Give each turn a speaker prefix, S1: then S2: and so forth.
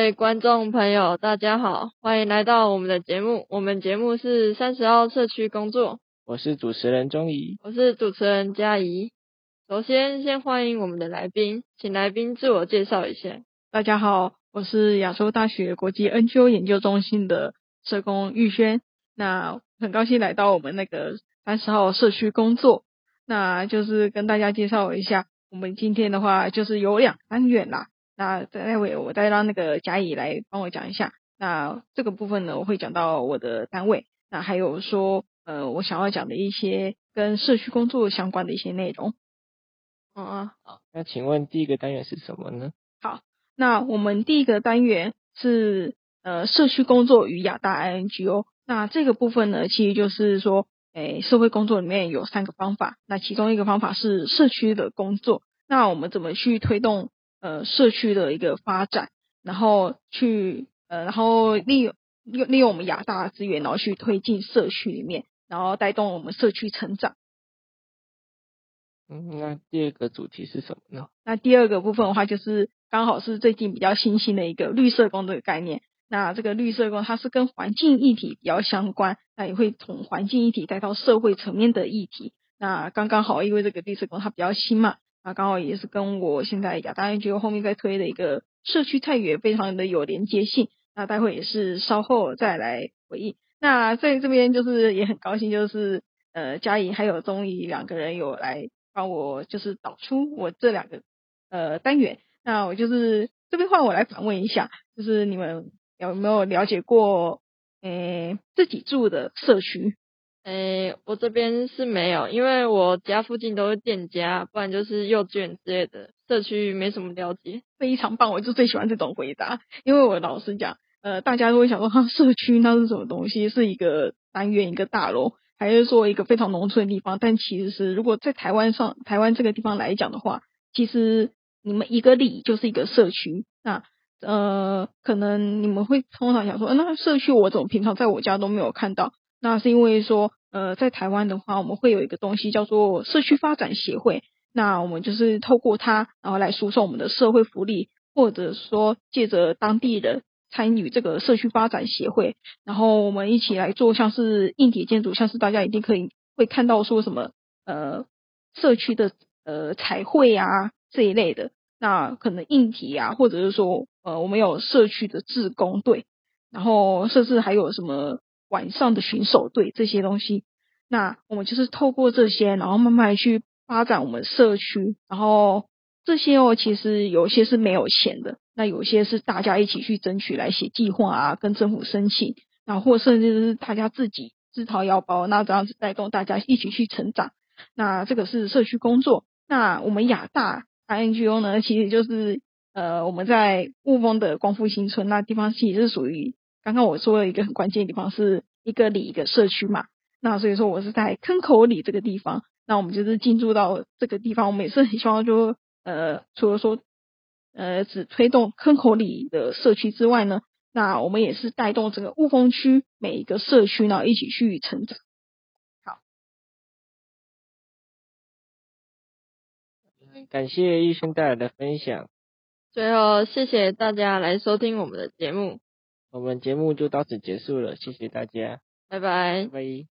S1: 各位觀眾朋友，大家好，歡迎來到我們的節目。我們節目是三十號社區工作。我是主持人鍾怡，我是主持人佳怡。首先，先歡迎我們的來賓，請來賓自我介紹一下。
S2: 大家好，我是亞洲大學國際 NGO 研究中心的社工玉軒。那很高興來到我們那個三十號社區工作。那就是跟大家介紹一下，我們今天的話就是有兩單元啦。那待會，我再讓那個甲乙來幫我講一下。那這個部分呢，我會講到我的單位，那還有說，呃，我想要講的一些跟社區工作相關的一些內容。啊、
S1: 嗯、好。那請問第一個單元是什麼呢？好，
S2: 那我們第一個單元是呃社區工作與亞大 INGO。那這個部分呢，其實就是說，誒、呃，社會工作裡面有三個方法，那其中一個方法是社區的工作，那我們怎麼去推動？呃，社區的一個發展，然後去呃，然後利用利利用我們亞大資源，然後去推進社區裡面，然後帶動我們社區成長。
S1: 嗯，那第二個主題是什麼呢？
S2: 那第二個部分的話，就是剛好是最近比較新興的一個綠色工的概念。那這個綠色工，它是跟環境議題比較相關，那也會從環境議題帶到社會層面的議題。那剛剛好，因為這個綠色工它比較新嘛。那剛好也是跟我現在亞大園區後面在推的一個社區菜園，非常的有連接性。那待會也是稍後再來回應。那在這邊就是也很高興，就是呃佳怡還有鍾怡兩個人有來幫我就是導出我這兩個呃單元。那我就是這邊換我來反問一下，就是你們有沒有了解過呃自己住的社區？
S1: 誒、欸、我這邊是沒有，因為我家附近都是店家，不然就是幼稚園之類的，社區沒什麼了解。非常棒，我就最喜歡這種回答，因為我老實講，
S2: 呃，大家都會想說，哈，社區那是什麼東西？是一個單元、一個大樓，還是說一個非常農村的地方？但其實是，如果在台灣上台灣這個地方來講的話，其實你們一個里就是一個社區。那呃，可能你們會通常想說，呃、那社區我怎麼平常在我家都沒有看到？那是因為說，呃，在台灣的話，我們會有一個東西叫做社區發展協會。那我們就是透過它，然後來輸送我們的社會福利，或者說借着當地人參與這個社區發展協會，然後我們一起來做，像是硬體建築，像是大家一定可以會看到說什麼，呃，社區的呃彩繪啊這一類的。那可能硬體啊，或者是說，呃，我們有社區的志工隊，然後甚至還有什麼。晚上的巡守隊這些東西，那我們就是透過這些，然後慢慢去發展我們社區。然後這些哦，其實有些是沒有錢的，那有些是大家一起去爭取來寫計劃啊，跟政府申請，然後或甚至是大家自己自掏腰包，那這樣子帶動大家一起去成長。那這個是社區工作。那我們亞大 INGO 呢，其實就是呃我們在霧峰的光復新村那地方，其實是屬於。剛剛我說了一個很關鍵的地方，是一個里一個社區嘛。那所以說我是在坑口里這個地方，那我們就是進駐到這個地方。我們也是很希望就呃，除了說，呃，只推動坑口里的社區之外呢，那我們也是帶動整個霧峰區每一個社區呢，一起去成長。好，
S1: 感謝醫生帶來的分享。最後，謝謝大家來收聽我們的節目。我們節目就到此結束了，謝謝大家，拜拜。Bye.